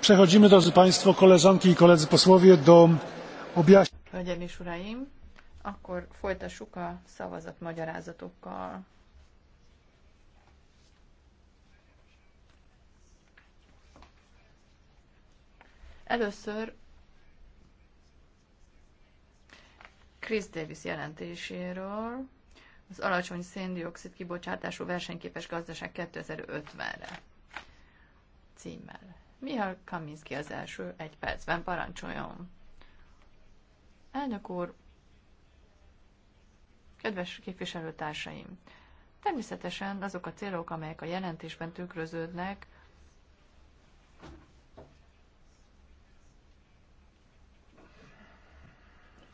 Przechodzimy, drodzy Państwo, koleżanki i koledzy posłowie, do objaśnienia. Hölgyeim és Uraim, akkor folytassuk a szavazatmagyarázatokkal. Először Chris Davis jelentéséről, az alacsony széndiokszid kibocsátású versenyképes gazdaság 2050-re címmel. Mihály Kaminski az első egy percben parancsoljon. Elnök úr, kedves képviselőtársaim, természetesen azok a célok, amelyek a jelentésben tükröződnek,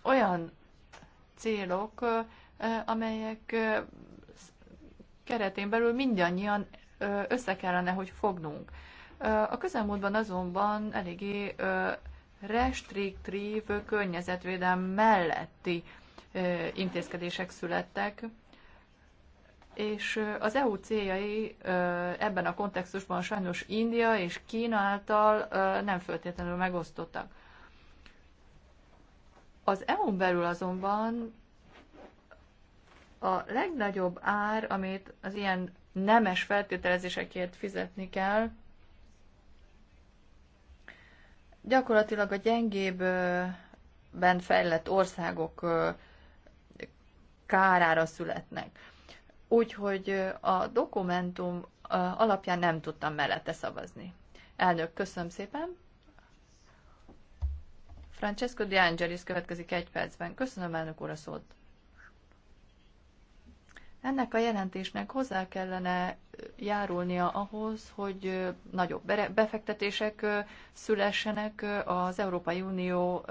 olyan célok, amelyek keretén belül mindannyian össze kellene, hogy fognunk. A közelmúltban azonban eléggé restriktív környezetvédelm melletti intézkedések születtek, és az EU céljai ebben a kontextusban sajnos India és Kína által nem föltétlenül megosztottak. Az EU-n belül azonban a legnagyobb ár, amit az ilyen nemes feltételezésekért fizetni kell, gyakorlatilag a gyengébben fejlett országok kárára születnek. Úgyhogy a dokumentum alapján nem tudtam mellette szavazni. Elnök, köszönöm szépen! Francesco De Angelis következik egy percben. Köszönöm, elnök úr, a szót. Ennek a jelentésnek hozzá kellene járulnia ahhoz, hogy nagyobb befektetések szülessenek az Európai Unió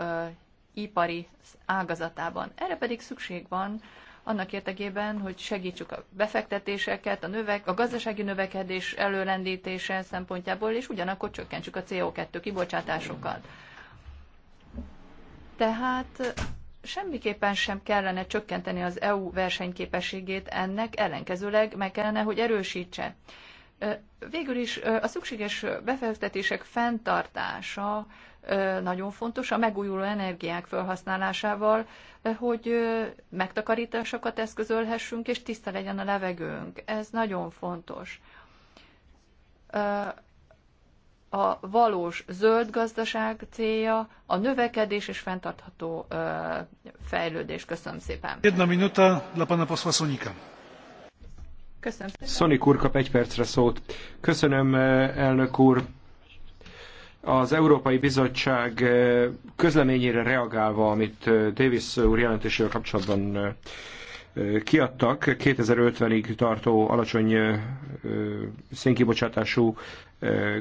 ipari ágazatában. Erre pedig szükség van annak érdekében, hogy segítsük a befektetéseket, a, növek, a gazdasági növekedés előrendítése szempontjából, és ugyanakkor csökkentsük a CO2 kibocsátásokat. Tehát semmiképpen sem kellene csökkenteni az EU versenyképességét ennek, ellenkezőleg meg kellene, hogy erősítse. Végül is a szükséges befektetések fenntartása nagyon fontos a megújuló energiák felhasználásával, hogy megtakarításokat eszközölhessünk, és tiszta legyen a levegőnk. Ez nagyon fontos a valós zöld gazdaság célja, a növekedés és fenntartható ö, fejlődés. Köszönöm szépen. Jedna minuta dla pana posła Sonika. Köszönöm szépen. Szonik úr kap egy percre szót. Köszönöm, elnök úr. Az Európai Bizottság közleményére reagálva, amit Davis úr jelentésével kapcsolatban kiadtak 2050-ig tartó alacsony szénkibocsátású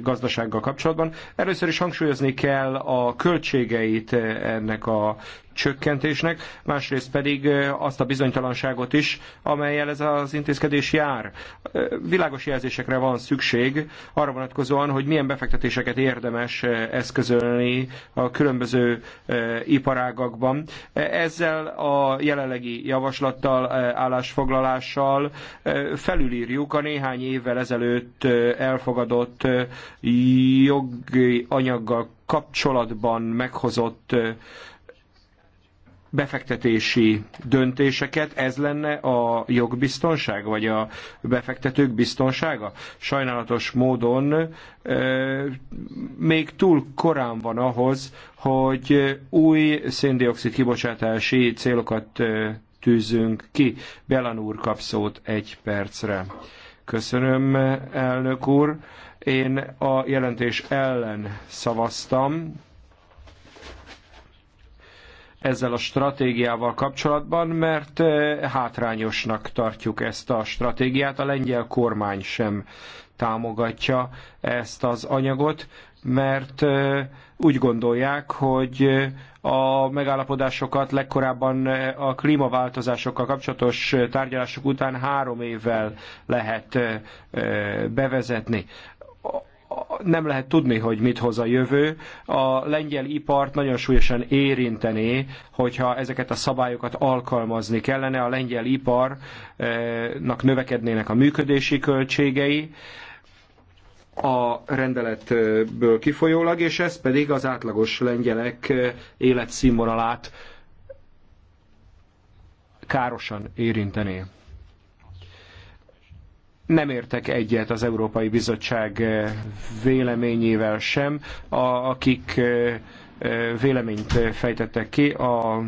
gazdasággal kapcsolatban. Először is hangsúlyozni kell a költségeit ennek a csökkentésnek, másrészt pedig azt a bizonytalanságot is, amelyel ez az intézkedés jár. Világos jelzésekre van szükség arra vonatkozóan, hogy milyen befektetéseket érdemes eszközölni a különböző iparágakban. Ezzel a jelenlegi javaslattal, állásfoglalással felülírjuk a néhány évvel ezelőtt elfogadott jogi anyaggal kapcsolatban meghozott befektetési döntéseket, ez lenne a jogbiztonság, vagy a befektetők biztonsága? Sajnálatos módon még túl korán van ahhoz, hogy új széndiokszid kibocsátási célokat tűzünk ki. Belan úr kap szót egy percre. Köszönöm, elnök úr. Én a jelentés ellen szavaztam ezzel a stratégiával kapcsolatban, mert eh, hátrányosnak tartjuk ezt a stratégiát. A lengyel kormány sem támogatja ezt az anyagot, mert eh, úgy gondolják, hogy eh, a megállapodásokat legkorábban a klímaváltozásokkal kapcsolatos tárgyalások után három évvel lehet bevezetni nem lehet tudni, hogy mit hoz a jövő. A lengyel ipart nagyon súlyosan érinteni, hogyha ezeket a szabályokat alkalmazni kellene. A lengyel iparnak növekednének a működési költségei a rendeletből kifolyólag, és ez pedig az átlagos lengyelek életszínvonalát károsan érinteni nem értek egyet az Európai Bizottság eh, véleményével sem, akik eh, eh, véleményt fejtettek ki a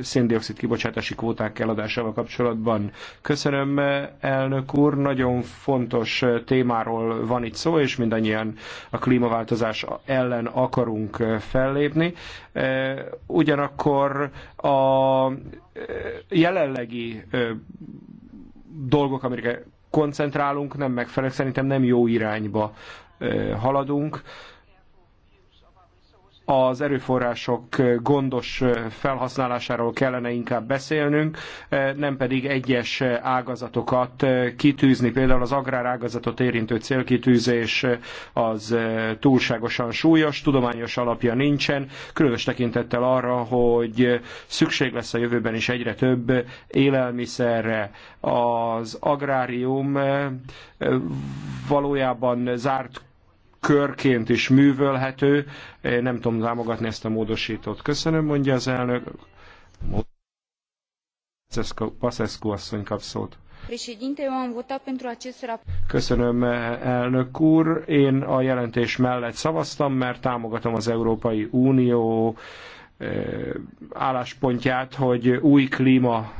széndiokszid kibocsátási kvóták eladásával kapcsolatban. Köszönöm, elnök úr, nagyon fontos témáról van itt szó, és mindannyian a klímaváltozás ellen akarunk fellépni. Ugyanakkor a jelenlegi dolgok, amikre koncentrálunk, nem megfelelően, szerintem nem jó irányba haladunk az erőforrások gondos felhasználásáról kellene inkább beszélnünk, nem pedig egyes ágazatokat kitűzni. Például az agrárágazatot érintő célkitűzés az túlságosan súlyos, tudományos alapja nincsen, különös tekintettel arra, hogy szükség lesz a jövőben is egyre több élelmiszerre. Az agrárium valójában zárt körként is művölhető. Én nem tudom támogatni ezt a módosítót. Köszönöm, mondja az elnök. Paszeszkó asszony kap szót. Köszönöm, elnök úr. Én a jelentés mellett szavaztam, mert támogatom az Európai Unió álláspontját, hogy új klíma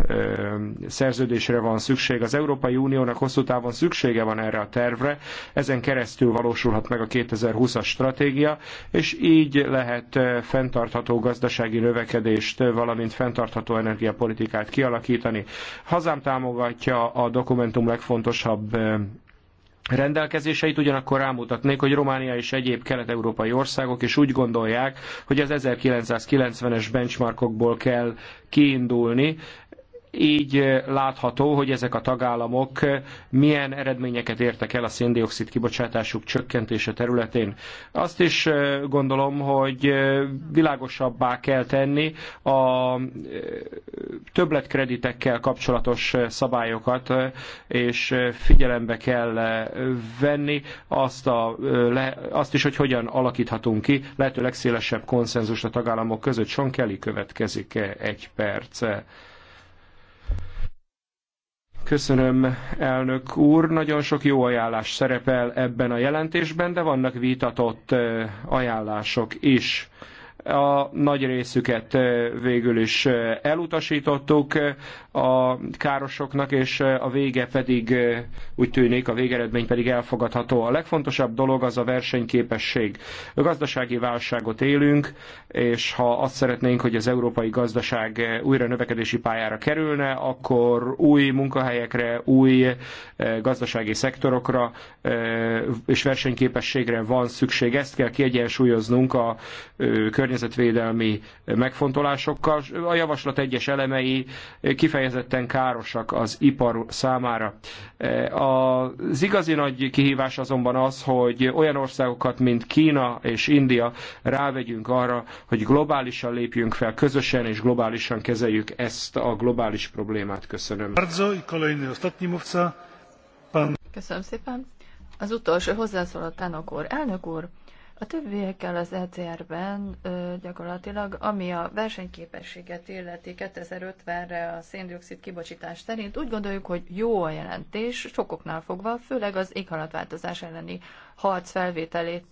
szerződésre van szükség. Az Európai Uniónak hosszú távon szüksége van erre a tervre, ezen keresztül valósulhat meg a 2020-as stratégia, és így lehet fenntartható gazdasági növekedést, valamint fenntartható energiapolitikát kialakítani. Hazám támogatja a dokumentum legfontosabb rendelkezéseit, ugyanakkor rámutatnék, hogy Románia és egyéb kelet-európai országok is úgy gondolják, hogy az 1990-es benchmarkokból kell kiindulni, így eh, látható, hogy ezek a tagállamok eh, milyen eredményeket értek el a széndiokszid kibocsátásuk csökkentése területén. Azt is eh, gondolom, hogy világosabbá kell tenni a többletkreditekkel kapcsolatos szabályokat, és figyelembe kell venni azt, a, azt is, hogy hogyan alakíthatunk ki lehető legszélesebb konszenzust a tagállamok között. Sean Kelly következik egy perc. Köszönöm, elnök úr. Nagyon sok jó ajánlás szerepel ebben a jelentésben, de vannak vitatott ajánlások is. A nagy részüket végül is elutasítottuk a károsoknak, és a vége pedig úgy tűnik, a végeredmény pedig elfogadható. A legfontosabb dolog az a versenyképesség. A gazdasági válságot élünk, és ha azt szeretnénk, hogy az európai gazdaság újra növekedési pályára kerülne, akkor új munkahelyekre, új gazdasági szektorokra és versenyképességre van szükség. Ezt kell kiegyensúlyoznunk a környezetvédelmi megfontolásokkal. A javaslat egyes elemei kifejezetten kifejezetten károsak az ipar számára. Eh, az igazi nagy kihívás azonban az, hogy olyan országokat, mint Kína és India rávegyünk arra, hogy globálisan lépjünk fel közösen, és globálisan kezeljük ezt a globális problémát. Köszönöm. Köszönöm szépen. Az utolsó hozzászólott Tánok úr. Elnök úr, a többiekkel az ECR-ben gyakorlatilag, ami a versenyképességet illeti 2050-re a széndiokszid kibocsítás szerint, úgy gondoljuk, hogy jó a jelentés, sokoknál fogva, főleg az éghajlatváltozás elleni harc felvételét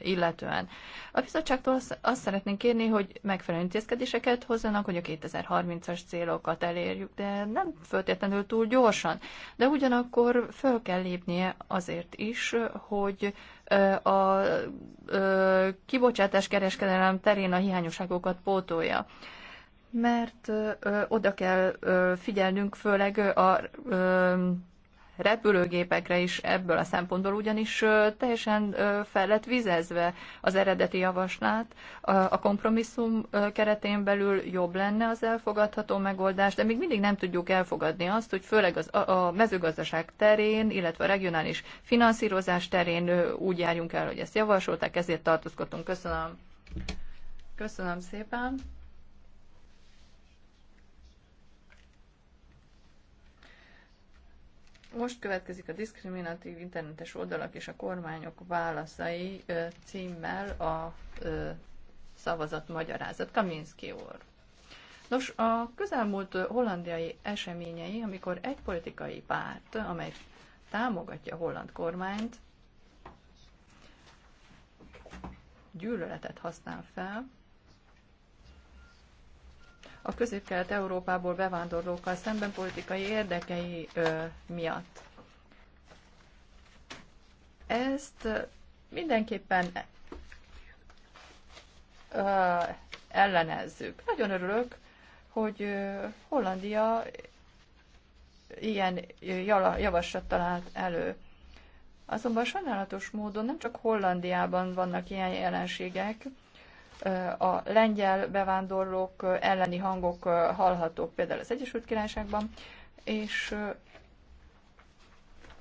illetően. A bizottságtól azt szeretnénk kérni, hogy megfelelő intézkedéseket hozzanak, hogy a 2030-as célokat elérjük, de nem föltétlenül túl gyorsan. De ugyanakkor föl kell lépnie azért is, hogy a kibocsátás kereskedelem terén a hiányosságokat pótolja mert ö, oda kell ö, figyelnünk főleg a ö, repülőgépekre is ebből a szempontból, ugyanis teljesen fel lett vizezve az eredeti javaslát. A kompromisszum keretén belül jobb lenne az elfogadható megoldás, de még mindig nem tudjuk elfogadni azt, hogy főleg az, a mezőgazdaság terén, illetve a regionális finanszírozás terén úgy járjunk el, hogy ezt javasolták, ezért tartózkodtunk. Köszönöm. Köszönöm szépen. Most következik a diszkriminatív internetes oldalak és a kormányok válaszai címmel a szavazat magyarázat. Kaminski úr. Nos, a közelmúlt hollandiai eseményei, amikor egy politikai párt, amely támogatja a holland kormányt, gyűlöletet használ fel, a közép-kelet-európából bevándorlókkal szemben politikai érdekei ö, miatt. Ezt mindenképpen ö, ellenezzük. Nagyon örülök, hogy ö, Hollandia ilyen javaslat talált elő. Azonban sajnálatos módon nem csak Hollandiában vannak ilyen jelenségek, a lengyel bevándorlók elleni hangok hallhatók például az Egyesült Királyságban, és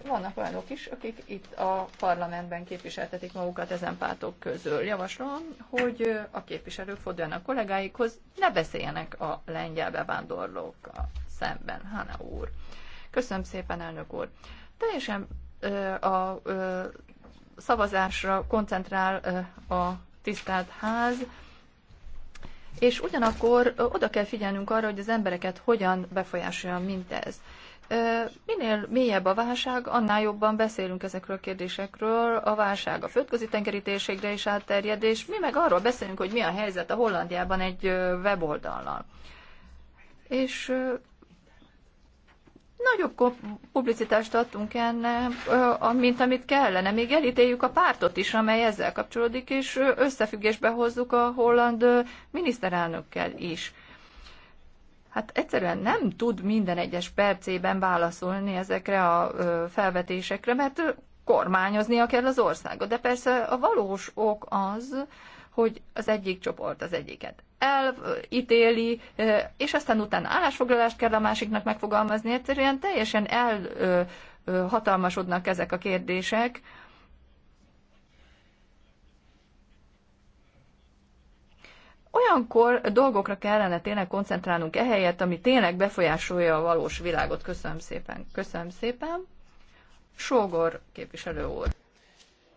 vannak olyanok is, akik itt a parlamentben képviseltetik magukat ezen pártok közül. Javaslom, hogy a képviselők forduljanak kollégáikhoz, ne beszéljenek a lengyel bevándorlókkal szemben, Hána úr. Köszönöm szépen, elnök úr. Teljesen a szavazásra koncentrál a tisztelt ház, és ugyanakkor oda kell figyelnünk arra, hogy az embereket hogyan befolyásolja mindez. Minél mélyebb a válság, annál jobban beszélünk ezekről a kérdésekről. A válság a földközi tengeri térségre is átterjed, és mi meg arról beszélünk, hogy mi a helyzet a Hollandiában egy weboldallal. És nagyobb publicitást adtunk ennek, mint amit kellene. Még elítéljük a pártot is, amely ezzel kapcsolódik, és összefüggésbe hozzuk a holland miniszterelnökkel is. Hát egyszerűen nem tud minden egyes percében válaszolni ezekre a felvetésekre, mert kormányoznia kell az országot. De persze a valós ok az, hogy az egyik csoport az egyiket elítéli, és aztán utána állásfoglalást kell a másiknak megfogalmazni. Egyszerűen teljesen elhatalmasodnak ezek a kérdések. Olyankor dolgokra kellene tényleg koncentrálnunk ehelyett, ami tényleg befolyásolja a valós világot. Köszönöm szépen. Köszönöm szépen. Sógor képviselő úr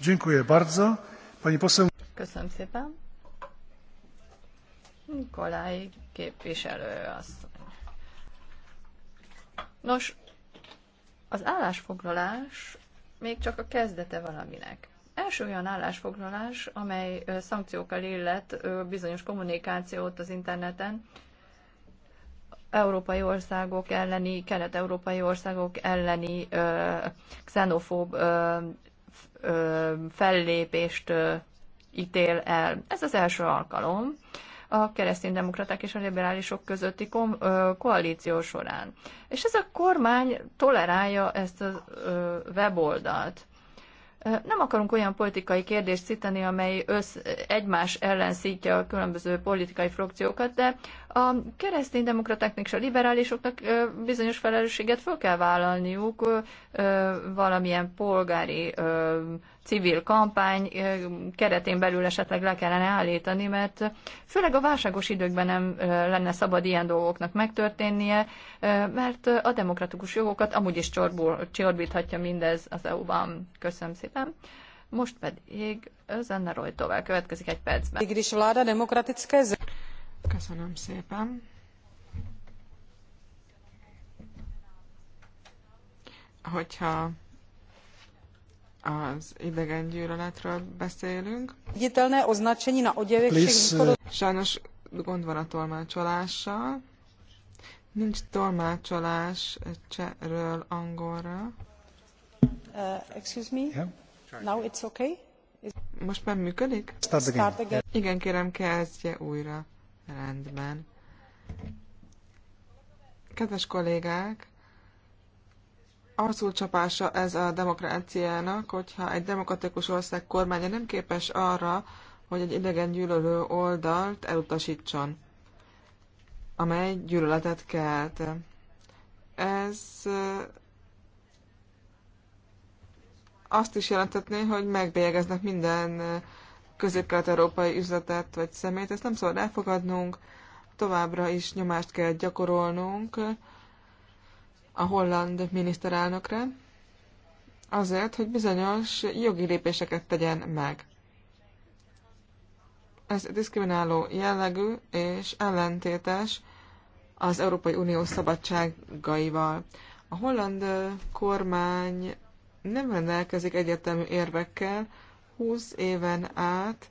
Dziękuję bardzo. Pani poseł... Köszönöm szépen. Nikolaj képviselő asszony. Nos, az állásfoglalás még csak a kezdete valaminek. Első olyan állásfoglalás, amely szankciókkal illet bizonyos kommunikációt az interneten, európai országok elleni, kelet-európai országok elleni ö, xenofób ö, fellépést ítél el. Ez az első alkalom a kereszténydemokraták és a liberálisok közötti kom- koalíció során. És ez a kormány tolerálja ezt a weboldalt. Nem akarunk olyan politikai kérdést szíteni, amely össz, egymás ellen szítja a különböző politikai frakciókat, de a keresztény demokratáknak és a liberálisoknak bizonyos felelősséget föl kell vállalniuk valamilyen polgári civil kampány keretén belül esetleg le kellene állítani, mert főleg a válságos időkben nem lenne szabad ilyen dolgoknak megtörténnie, mert a demokratikus jogokat amúgy is csorbul, csorbíthatja mindez az EU-ban. Köszönöm szépen. Most pedig Zenne tovább következik egy percben. Igris vláda demokratické Köszönöm szépen. Hogyha az idegen gyűlöletről beszélünk. Viditelné označení na oděvech uh, Sajnos gond van a tolmácsolással. Nincs tolmácsolás csehről angolra. Uh, excuse me? Yeah. Now it's okay? Most már működik? Start again. Start again. Igen, kérem, kezdje újra. Rendben. Kedves kollégák, arcul csapása ez a demokráciának, hogyha egy demokratikus ország kormánya nem képes arra, hogy egy idegen gyűlölő oldalt elutasítson, amely gyűlöletet kelt. Ez azt is jelentetné, hogy megbélyegeznek minden közép-kelet-európai üzletet vagy szemét, ezt nem szabad elfogadnunk, továbbra is nyomást kell gyakorolnunk a holland miniszterelnökre, azért, hogy bizonyos jogi lépéseket tegyen meg. Ez diszkrimináló jellegű és ellentétes az Európai Unió szabadságaival. A holland kormány nem rendelkezik egyetemű érvekkel, 20 éven át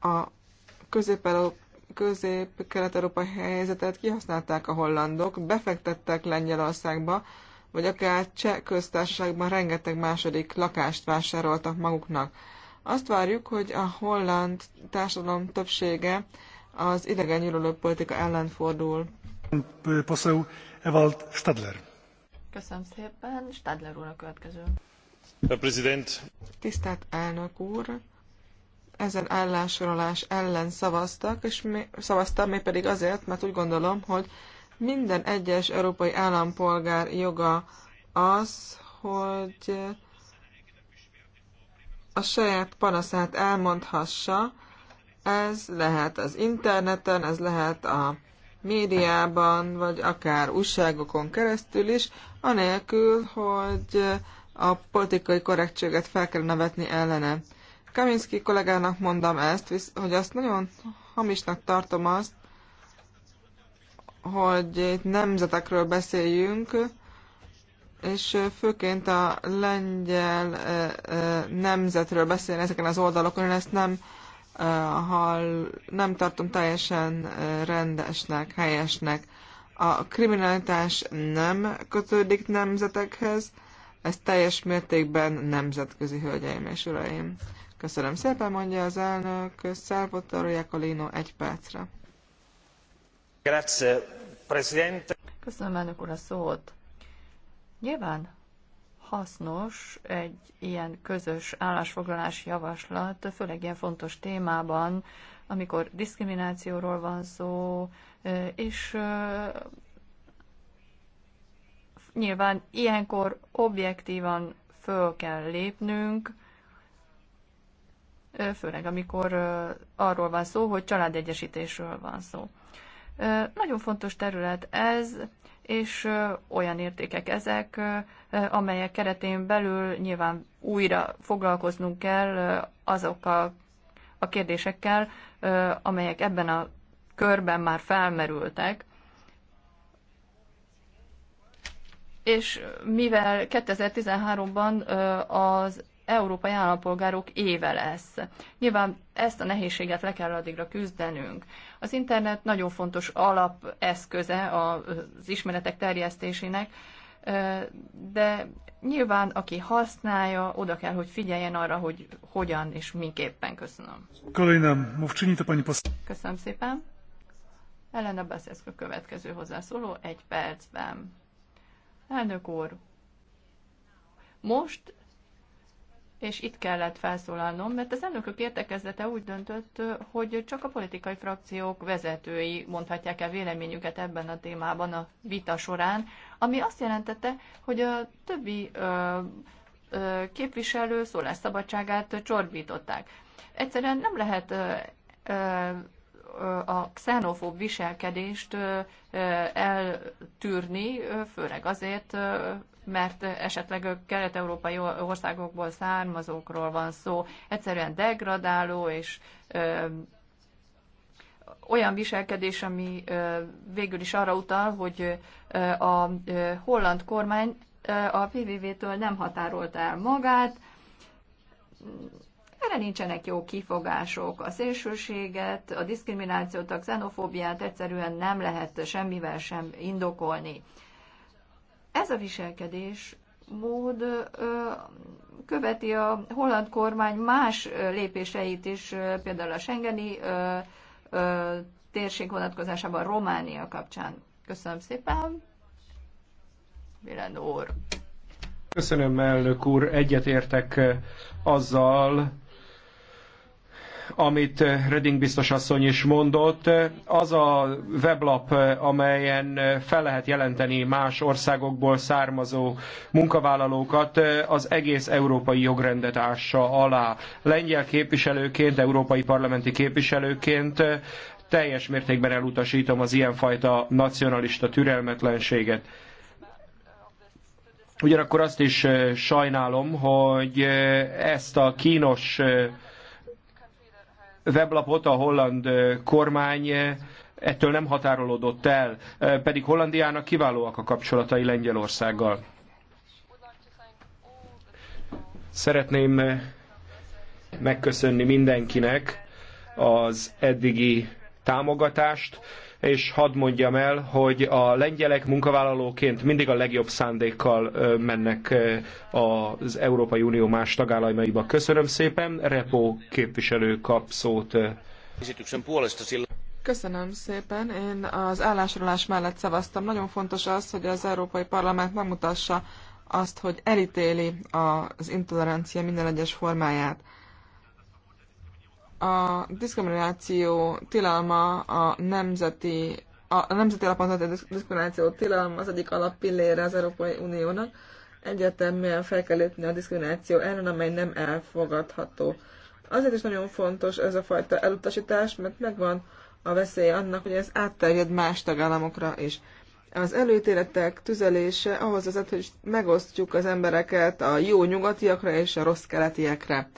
a közép-kelet-európai helyzetet kihasználták a hollandok, befektettek Lengyelországba, vagy akár cseh köztársaságban rengeteg második lakást vásároltak maguknak. Azt várjuk, hogy a holland társadalom többsége az idegen politika ellen fordul. Poseł Ewald Stadler. Köszönöm szépen. Stadler úr a következő. A president. Tisztelt elnök úr! Ezen állásfoglalás ellen szavaztak, és szavaztam mégpedig azért, mert úgy gondolom, hogy minden egyes európai állampolgár joga az, hogy a saját panaszát elmondhassa. Ez lehet az interneten, ez lehet a médiában, vagy akár újságokon keresztül is, anélkül, hogy a politikai korrektséget fel kellene vetni ellene. Kaminski kollégának mondom ezt, hogy azt nagyon hamisnak tartom azt, hogy itt nemzetekről beszéljünk, és főként a lengyel eh, eh, nemzetről beszélni ezeken az oldalokon, én ezt nem hal nem tartom teljesen rendesnek, helyesnek. A kriminalitás nem kötődik nemzetekhez, ez teljes mértékben nemzetközi, hölgyeim és uraim. Köszönöm szépen, mondja az elnök. Salvatore Jakolino, egy percre. Presidente. Köszönöm elnök úr a szót. Nyilván hasznos egy ilyen közös állásfoglalási javaslat, főleg ilyen fontos témában, amikor diszkriminációról van szó, és nyilván ilyenkor objektívan föl kell lépnünk, főleg amikor arról van szó, hogy családegyesítésről van szó. Nagyon fontos terület ez, és olyan értékek ezek, amelyek keretén belül nyilván újra foglalkoznunk kell azokkal a kérdésekkel, amelyek ebben a körben már felmerültek. És mivel 2013-ban az európai állampolgárok éve lesz. Nyilván ezt a nehézséget le kell addigra küzdenünk. Az internet nagyon fontos alapeszköze az ismeretek terjesztésének, de nyilván aki használja, oda kell, hogy figyeljen arra, hogy hogyan és miképpen. Köszönöm. Köszönöm szépen. Elena Beszeszka következő hozzászóló egy percben. Elnök úr, most és itt kellett felszólalnom, mert az elnökök értekezlete úgy döntött, hogy csak a politikai frakciók vezetői mondhatják el véleményüket ebben a témában a vita során, ami azt jelentette, hogy a többi ö, ö, képviselő szólásszabadságát csorbították. Egyszerűen nem lehet ö, ö, a xenofób viselkedést eltűrni, főleg azért, mert esetleg kelet-európai országokból származókról van szó, egyszerűen degradáló és olyan viselkedés, ami végül is arra utal, hogy a holland kormány a PVV-től nem határolta el magát, erre nincsenek jó kifogások. A szélsőséget, a diszkriminációt, a xenofóbiát egyszerűen nem lehet semmivel sem indokolni. Ez a viselkedés mód követi a holland kormány más lépéseit is, például a Schengeni térség vonatkozásában Románia kapcsán. Köszönöm szépen. Vilen úr. Köszönöm, elnök úr. Egyetértek azzal, amit eh, Reding biztos asszony is mondott, eh, az a weblap, eh, amelyen fel lehet jelenteni más országokból származó munkavállalókat, az egész európai jogrendet ássa alá. Lengyel képviselőként, európai parlamenti képviselőként teljes mértékben elutasítom az ilyenfajta nacionalista türelmetlenséget. Ugyanakkor azt is sajnálom, hogy ezt a kínos weblapot a holland kormány ettől nem határolódott el, pedig Hollandiának kiválóak a kapcsolatai Lengyelországgal. Szeretném megköszönni mindenkinek az eddigi támogatást és hadd mondjam el, hogy a lengyelek munkavállalóként mindig a legjobb szándékkal mennek az Európai Unió más tagállamaiba. Köszönöm szépen, Repo képviselő kap szót. Köszönöm szépen. Én az állásolás mellett szavaztam. Nagyon fontos az, hogy az Európai Parlament megmutassa azt, hogy elítéli az intolerancia minden egyes formáját a diszkrimináció tilalma a nemzeti a nemzeti alapon történő diszkrimináció tilalma az egyik alappillére az Európai Uniónak. Egyértelműen fel kell lépni a diszkrimináció ellen, amely nem elfogadható. Azért is nagyon fontos ez a fajta elutasítás, mert megvan a veszély annak, hogy ez átterjed más tagállamokra is. Az előítéletek tüzelése ahhoz vezet, hogy megosztjuk az embereket a jó nyugatiakra és a rossz keletiekre,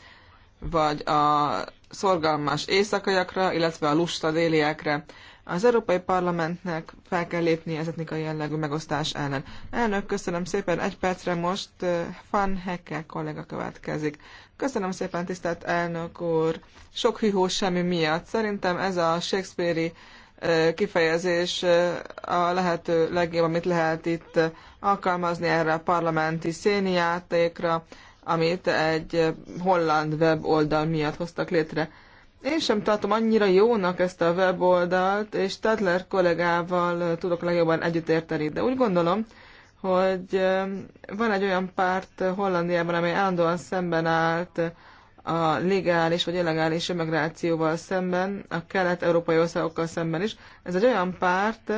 vagy a szorgalmas éjszakaiakra, illetve a lusta déliekre. Az Európai Parlamentnek fel kell lépni az etnikai jellegű megosztás ellen. Elnök, köszönöm szépen. Egy percre most Fan eh, Hekkel kollega következik. Köszönöm szépen, tisztelt elnök úr. Sok hűhó semmi miatt. Szerintem ez a Shakespeare-i eh, kifejezés eh, a lehető legjobb, amit lehet itt alkalmazni erre a parlamenti széniátékra amit egy holland weboldal miatt hoztak létre. Én sem tartom annyira jónak ezt a weboldalt, és Tedler kollégával tudok legjobban együtt érteni, de úgy gondolom, hogy van egy olyan párt Hollandiában, amely állandóan szemben állt a legális vagy illegális immigrációval szemben, a kelet-európai országokkal szemben is. Ez egy olyan párt,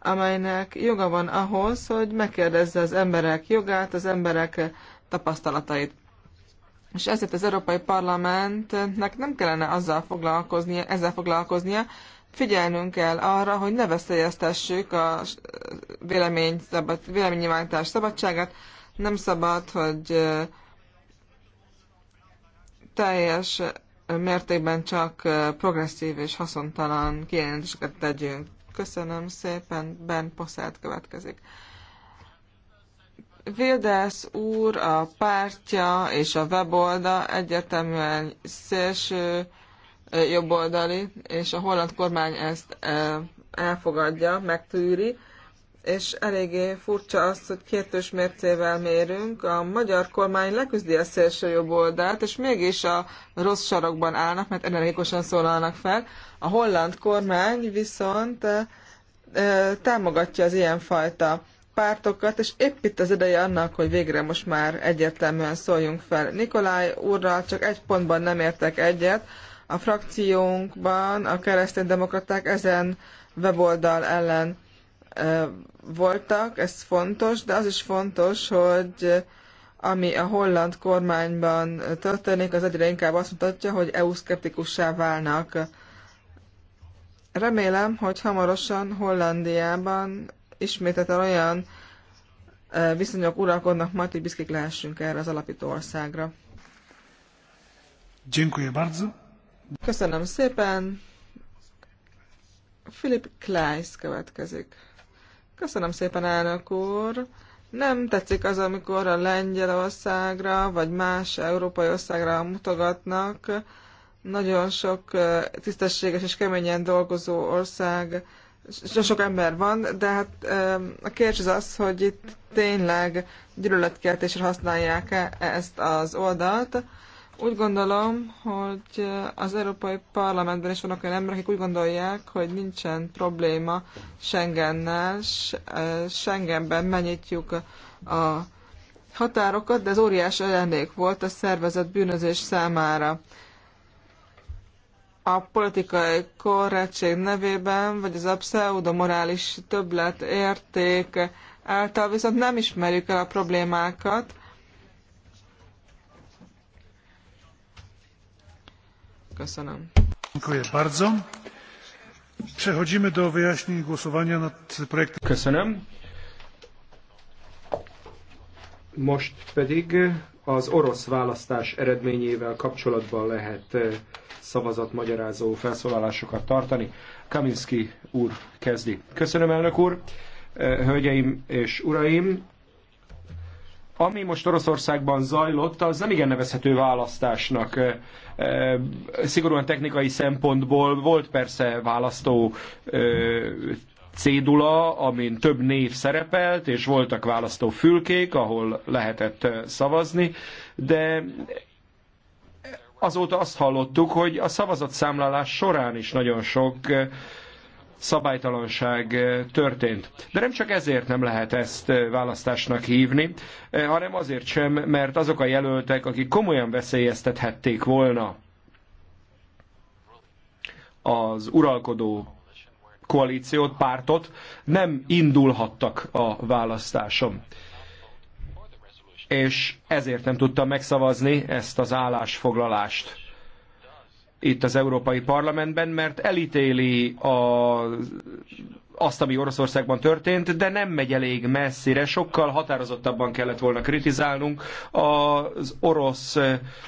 amelynek joga van ahhoz, hogy megkérdezze az emberek jogát, az emberek tapasztalatait. És ezért az Európai Parlamentnek nem kellene azzal foglalkoznia, ezzel foglalkoznia, figyelnünk kell arra, hogy ne veszélyeztessük a vélemény szabad, véleménynyilvánítás szabadságát, nem szabad, hogy teljes mértékben csak progresszív és haszontalan kijelentéseket tegyünk. Köszönöm szépen, Ben Poszelt következik. Vildász úr, a pártja és a webolda egyértelműen szélső jobboldali, és a holland kormány ezt elfogadja, megtűri, és eléggé furcsa az, hogy kettős mércével mérünk. A magyar kormány leküzdi a szélső jobboldalt, és mégis a rossz sarokban állnak, mert energikusan szólalnak fel. A holland kormány viszont támogatja az ilyenfajta fajta pártokat, és épp itt az ideje annak, hogy végre most már egyértelműen szóljunk fel. Nikolaj úrral csak egy pontban nem értek egyet. A frakciónkban a kereszténydemokraták ezen weboldal ellen voltak, ez fontos, de az is fontos, hogy ami a holland kormányban történik, az egyre inkább azt mutatja, hogy EU-szkeptikussá válnak. Remélem, hogy hamarosan Hollandiában ismételten olyan viszonyok uralkodnak majd, hogy büszkék lehessünk erre az alapító országra. Köszönöm szépen. Philip Kleiss következik. Köszönöm szépen, elnök úr. Nem tetszik az, amikor a Lengyelországra vagy más európai országra mutogatnak. Nagyon sok tisztességes és keményen dolgozó ország so sok ember van, de hát a kérdés az az, hogy itt tényleg gyűlöletkeltésre használják -e ezt az oldalt. Úgy gondolom, hogy az Európai Parlamentben is vannak olyan emberek, akik úgy gondolják, hogy nincsen probléma Schengennel. E, Schengenben megnyitjuk a határokat, de ez óriási ajándék volt a szervezet bűnözés számára a politikai korrektség nevében, vagy az a pseudomorális többlet érték által viszont nem ismerjük el a problémákat, Köszönöm. Dziękuję bardzo. Przechodzimy do wyjaśnień głosowania nad projektem. Köszönöm. Most pedig az orosz választás eredményével kapcsolatban lehet eh, szavazatmagyarázó felszólalásokat tartani. Kaminski úr kezdi. Köszönöm, elnök úr! Eh, hölgyeim és uraim! Ami most Oroszországban zajlott, az nem igen nevezhető választásnak. Eh, szigorúan technikai szempontból volt persze választó cédula, amin több név szerepelt, és voltak választó fülkék, ahol lehetett szavazni, de azóta azt hallottuk, hogy a szavazatszámlálás során is nagyon sok szabálytalanság történt. De nem csak ezért nem lehet ezt választásnak hívni, hanem azért sem, mert azok a jelöltek, akik komolyan veszélyeztethették volna az uralkodó koalíciót, pártot nem indulhattak a választáson. És ezért nem tudtam megszavazni ezt az állásfoglalást itt az Európai Parlamentben, mert elítéli a, azt, ami Oroszországban történt, de nem megy elég messzire, sokkal határozottabban kellett volna kritizálnunk az orosz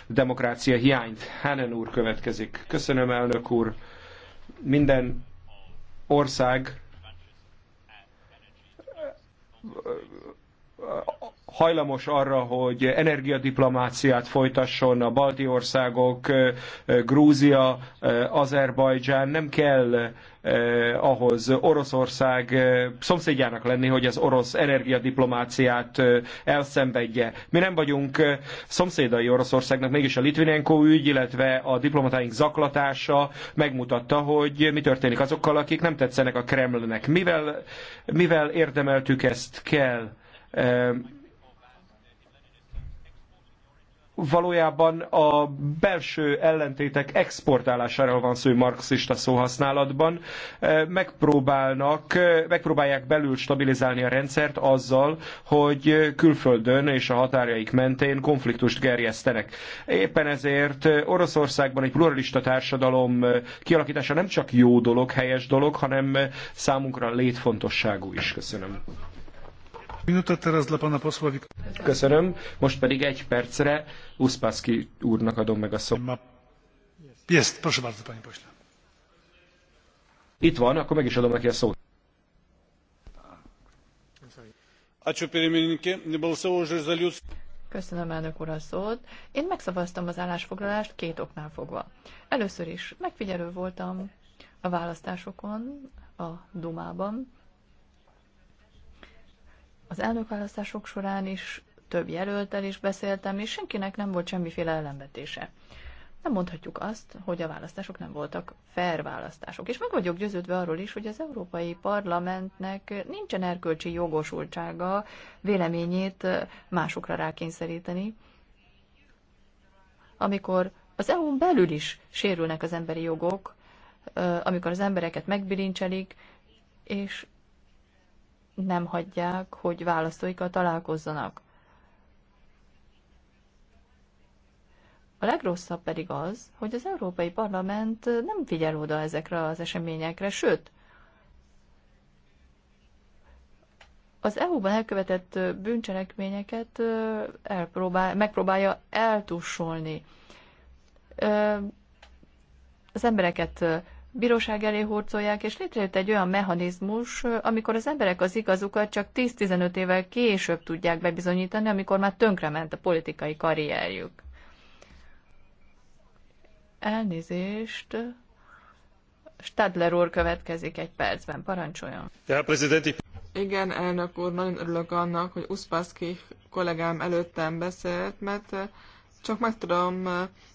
demokrácia hiányt. Hennen úr következik. Köszönöm, elnök úr. Minden ország hajlamos arra, hogy energiadiplomáciát folytasson a balti országok, Grúzia, Azerbajdzsán, nem kell ahhoz Oroszország szomszédjának lenni, hogy az orosz energiadiplomáciát elszenvedje. Mi nem vagyunk szomszédai Oroszországnak, mégis a Litvinenko ügy, illetve a diplomatáink zaklatása megmutatta, hogy mi történik azokkal, akik nem tetszenek a Kremlnek. Mivel, mivel érdemeltük ezt kell? valójában a belső ellentétek exportálására van szó marxista szóhasználatban. E, megpróbálnak, e, megpróbálják belül stabilizálni a rendszert azzal, hogy külföldön és a határaik mentén konfliktust gerjesztenek. Éppen ezért Oroszországban egy pluralista társadalom kialakítása nem csak jó dolog, helyes dolog, hanem számunkra létfontosságú is. Köszönöm. Köszönöm. Most pedig egy percre Uspaszki úrnak adom meg a szót. Jest, proszę bardzo, panie pośle. Itt van, akkor meg is adom neki a szót. Köszönöm, elnök úr, a szót. Én megszavaztam az állásfoglalást két oknál fogva. Először is megfigyelő voltam a választásokon, a Dumában, az elnökválasztások során is több jelöltel is beszéltem, és senkinek nem volt semmiféle ellenvetése. Nem mondhatjuk azt, hogy a választások nem voltak fair választások. És meg vagyok győződve arról is, hogy az Európai Parlamentnek nincsen erkölcsi jogosultsága véleményét másokra rákényszeríteni, amikor az EU-n belül is sérülnek az emberi jogok, amikor az embereket megbilincselik, és nem hagyják, hogy választóikkal találkozzanak. A legrosszabb pedig az, hogy az Európai Parlament nem figyel oda ezekre az eseményekre, sőt, az EU-ban elkövetett bűncselekményeket elpróbál, megpróbálja eltussolni. Az embereket bíróság elé hurcolják, és létrejött egy olyan mechanizmus, amikor az emberek az igazukat csak 10-15 évvel később tudják bebizonyítani, amikor már tönkrement a politikai karrierjük. Elnézést. Stadler úr következik egy percben, parancsoljon. Igen, elnök úr, nagyon örülök annak, hogy Uszpászki kollégám előttem beszélt, mert csak meg tudom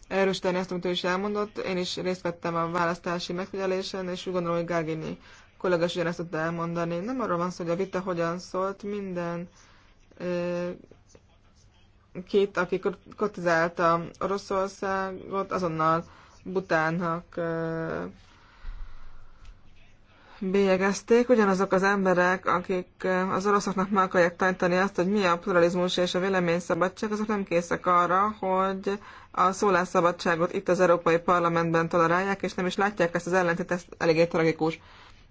erősíteni azt, amit ő is elmondott. Én is részt vettem a választási megfigyelésen, és úgy gondolom, hogy Gágini kollega is ugyanezt tudta elmondani. Nem arról van szó, hogy a vita hogyan szólt, minden két, aki kotizálta Oroszországot, azonnal butánnak bélyegezték. Ugyanazok az emberek, akik az oroszoknak meg akarják tanítani azt, hogy mi a pluralizmus és a véleményszabadság, azok nem készek arra, hogy a szólásszabadságot itt az Európai Parlamentben tolerálják, és nem is látják ezt az ellentét, ez eléggé tragikus.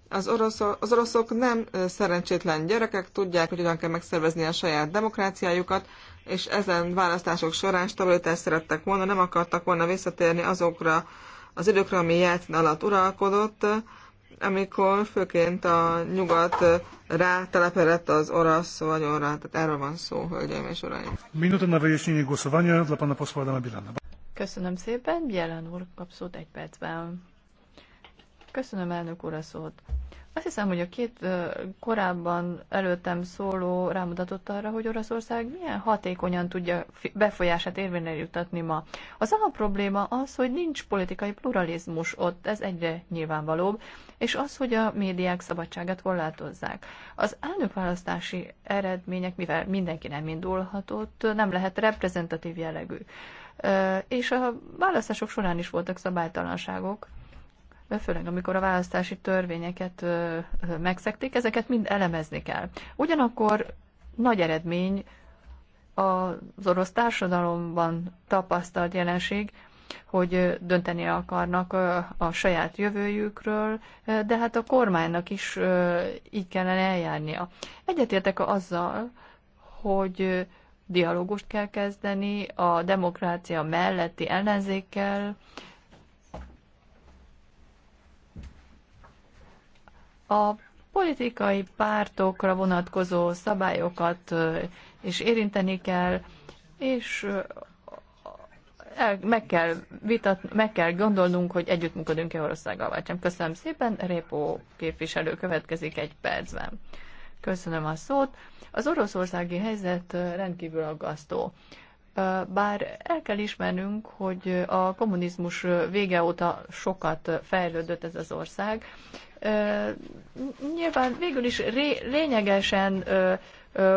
Az, orosz, az oroszok nem szerencsétlen gyerekek, tudják, hogy hogyan kell megszervezni a saját demokráciájukat, és ezen választások során stabilitást szerettek volna, nem akartak volna visszatérni azokra az időkre, ami Jelcin alatt uralkodott, amikor főként a nyugat telepedett az orosz vagy orra, tehát erről van szó, hölgyeim és uraim. Minuta na vejesnyi gószavanya, dla pana Bilana. Köszönöm szépen, bielen úr kapszót egy percben. Köszönöm elnök úr a szót. Azt hiszem, hogy a két korábban előttem szóló rámutatott arra, hogy Oroszország milyen hatékonyan tudja befolyását érvényre jutatni ma. Az alapprobléma az, hogy nincs politikai pluralizmus ott, ez egyre nyilvánvalóbb, és az, hogy a médiák szabadságát korlátozzák. Az elnökválasztási eredmények, mivel mindenki nem indulhatott, nem lehet reprezentatív jellegű. És a választások során is voltak szabálytalanságok főleg amikor a választási törvényeket megszekték, ezeket mind elemezni kell. Ugyanakkor nagy eredmény az orosz társadalomban tapasztalt jelenség, hogy dönteni akarnak a saját jövőjükről, de hát a kormánynak is így kellene eljárnia. Egyetértek azzal, hogy dialógust kell kezdeni a demokrácia melletti ellenzékkel, a politikai pártokra vonatkozó szabályokat is érinteni kell, és meg, kell vitat, meg kell gondolnunk, hogy együttműködünk-e Oroszággal vagy sem. Köszönöm szépen, Répó képviselő következik egy percben. Köszönöm a szót. Az oroszországi helyzet rendkívül aggasztó. Bár el kell ismernünk, hogy a kommunizmus vége óta sokat fejlődött ez az ország, nyilván végül is lényegesen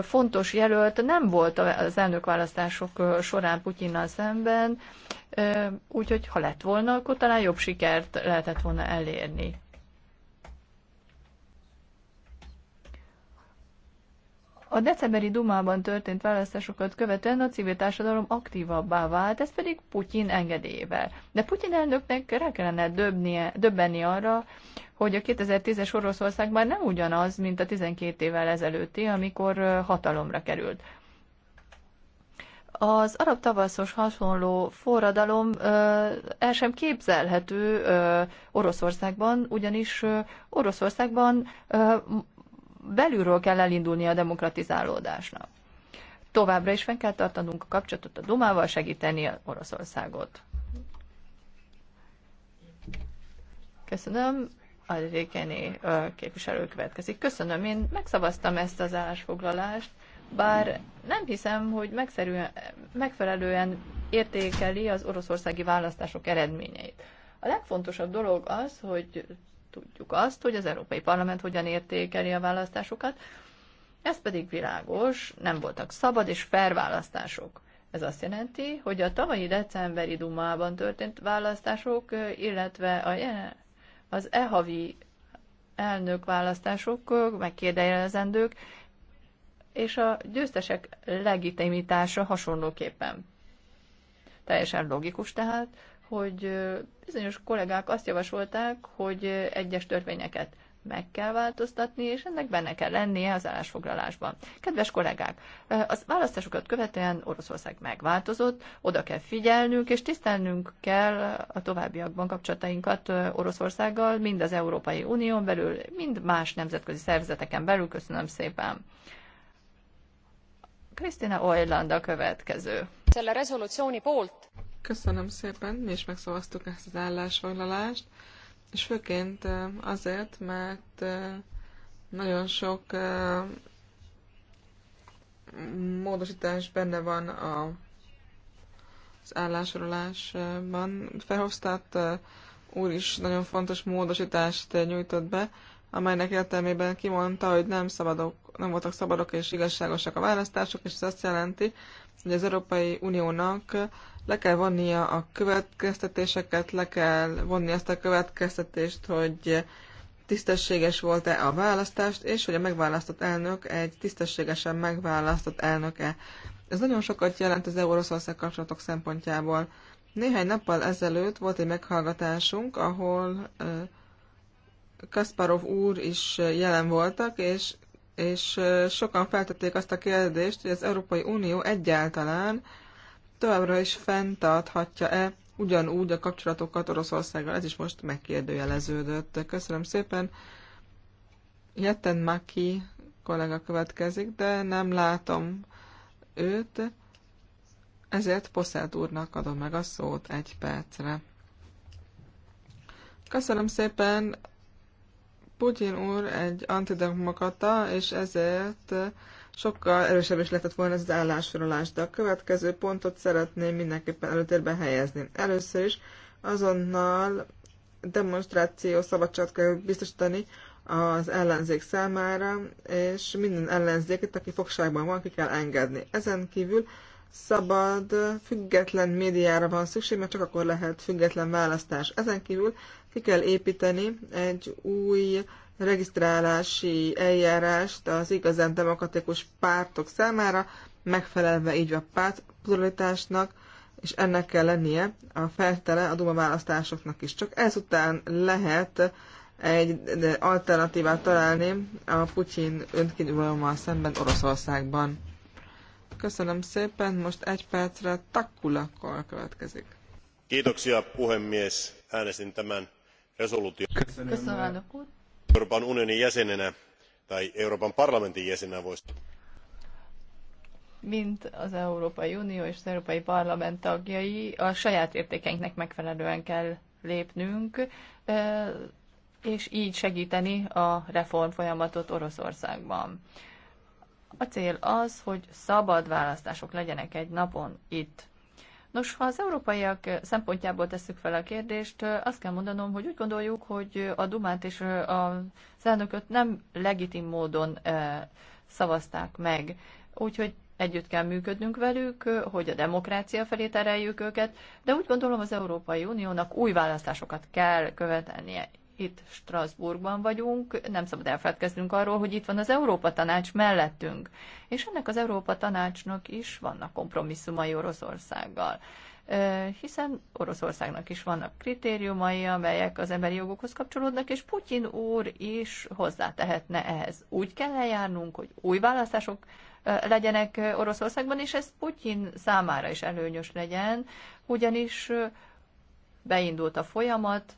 fontos jelölt nem volt az elnökválasztások során Putyinnal szemben, úgyhogy ha lett volna, akkor talán jobb sikert lehetett volna elérni. A decemberi Dumában történt választásokat követően a civil társadalom aktívabbá vált, ez pedig Putyin engedélyével. De Putyin elnöknek rá kellene döbnie, döbbenni arra, hogy a 2010-es Oroszország már nem ugyanaz, mint a 12 évvel ezelőtti, amikor hatalomra került. Az arab tavaszos hasonló forradalom ö, el sem képzelhető ö, Oroszországban, ugyanis ö, Oroszországban ö, belülről kell elindulni a demokratizálódásnak. Továbbra is fenn kell tartanunk a kapcsolatot a Dumával, segíteni Oroszországot. Köszönöm. Rékeni képviselő következik. Köszönöm, én megszavaztam ezt az állásfoglalást, bár nem hiszem, hogy megfelelően értékeli az oroszországi választások eredményeit. A legfontosabb dolog az, hogy tudjuk azt, hogy az Európai Parlament hogyan értékeli a választásokat. Ez pedig világos, nem voltak szabad és fair választások. Ez azt jelenti, hogy a tavalyi decemberi Dumában történt választások, illetve a, az e-havi elnök választások megkérdejelezendők, és a győztesek legitimitása hasonlóképpen. Teljesen logikus tehát, hogy bizonyos kollégák azt javasolták, hogy egyes törvényeket meg kell változtatni, és ennek benne kell lennie az állásfoglalásban. Kedves kollégák, az választásokat követően Oroszország megváltozott, oda kell figyelnünk, és tisztelnünk kell a továbbiakban kapcsolatainkat Oroszországgal, mind az Európai Unión belül, mind más nemzetközi szervezeteken belül. Köszönöm szépen. Krisztina Oiland a következő. Selle resolutsiooni poolt Köszönöm szépen, mi is megszavaztuk ezt az állásfoglalást, és főként azért, mert nagyon sok módosítás benne van a, az állásorolásban Verhofstadt úr is nagyon fontos módosítást nyújtott be, amelynek értelmében kimondta, hogy nem, szabadok, nem voltak szabadok és igazságosak a választások, és ez azt jelenti, hogy az Európai Uniónak le kell vonnia a következtetéseket, le kell vonni azt a következtetést, hogy tisztességes volt-e a választást, és hogy a megválasztott elnök egy tisztességesen megválasztott elnöke. Ez nagyon sokat jelent az Euróoroszország kapcsolatok szempontjából. Néhány nappal ezelőtt volt egy meghallgatásunk, ahol Kasparov úr is jelen voltak, és, és sokan feltették azt a kérdést, hogy az Európai Unió egyáltalán továbbra is fenntarthatja-e ugyanúgy a kapcsolatokat Oroszországgal. Ez is most megkérdőjeleződött. Köszönöm szépen. Jetten Maki kollega következik, de nem látom őt, ezért Poszelt úrnak adom meg a szót egy percre. Köszönöm szépen, Putyin úr egy antidemokrata, és ezért sokkal erősebb is lehetett volna ez az állásfoglalás, de a következő pontot szeretném mindenképpen előtérbe helyezni. Először is azonnal demonstráció szabadságot kell biztosítani az ellenzék számára, és minden ellenzéket, aki fogságban van, ki kell engedni. Ezen kívül szabad, független médiára van szükség, mert csak akkor lehet független választás. Ezen kívül ki kell építeni egy új regisztrálási eljárást az igazán demokratikus pártok számára, megfelelve így a párt pluralitásnak, és ennek kell lennie a feltele a Duma választásoknak is. Csak ezután lehet egy alternatívát találni a Putyin önkívülőmmel szemben Oroszországban. Köszönöm szépen, most egy percre Takkulakkal következik. Kiitoksia puhemies, äänestin tämän resolution. Köszönöm, Köszönöm elnök Euroopan unionin jäsenenä tai Euroopan parlamentin jäsenenä voisi mint az Európai Unió és az Európai Parlament tagjai a saját értékeinknek megfelelően kell lépnünk, és így segíteni a reform folyamatot Oroszországban. A cél az, hogy szabad választások legyenek egy napon itt. Nos, ha az európaiak szempontjából tesszük fel a kérdést, azt kell mondanom, hogy úgy gondoljuk, hogy a Dumát és a elnököt nem legitim módon eh, szavazták meg. Úgyhogy együtt kell működnünk velük, hogy a demokrácia felé tereljük őket, de úgy gondolom az Európai Uniónak új választásokat kell követelnie itt Strasbourgban vagyunk, nem szabad elfeledkeznünk arról, hogy itt van az Európa Tanács mellettünk, és ennek az Európa Tanácsnak is vannak kompromisszumai Oroszországgal hiszen Oroszországnak is vannak kritériumai, amelyek az emberi jogokhoz kapcsolódnak, és Putyin úr is hozzátehetne ehhez. Úgy kell eljárnunk, hogy új választások legyenek Oroszországban, és ez Putyin számára is előnyös legyen, ugyanis beindult a folyamat,